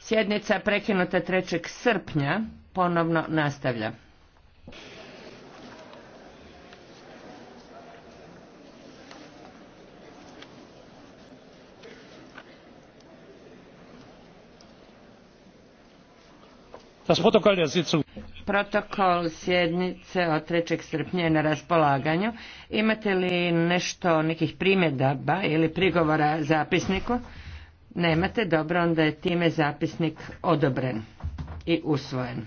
Sjednica prekinuta 3. srpnja ponovno nastavlja. Protokol sjednice od 3. srpnja je na raspolaganju. Imate li nešto, nekih primjedaba ili prigovora zapisniku? Nemate, dobro, onda je time zapisnik odobren i usvojen.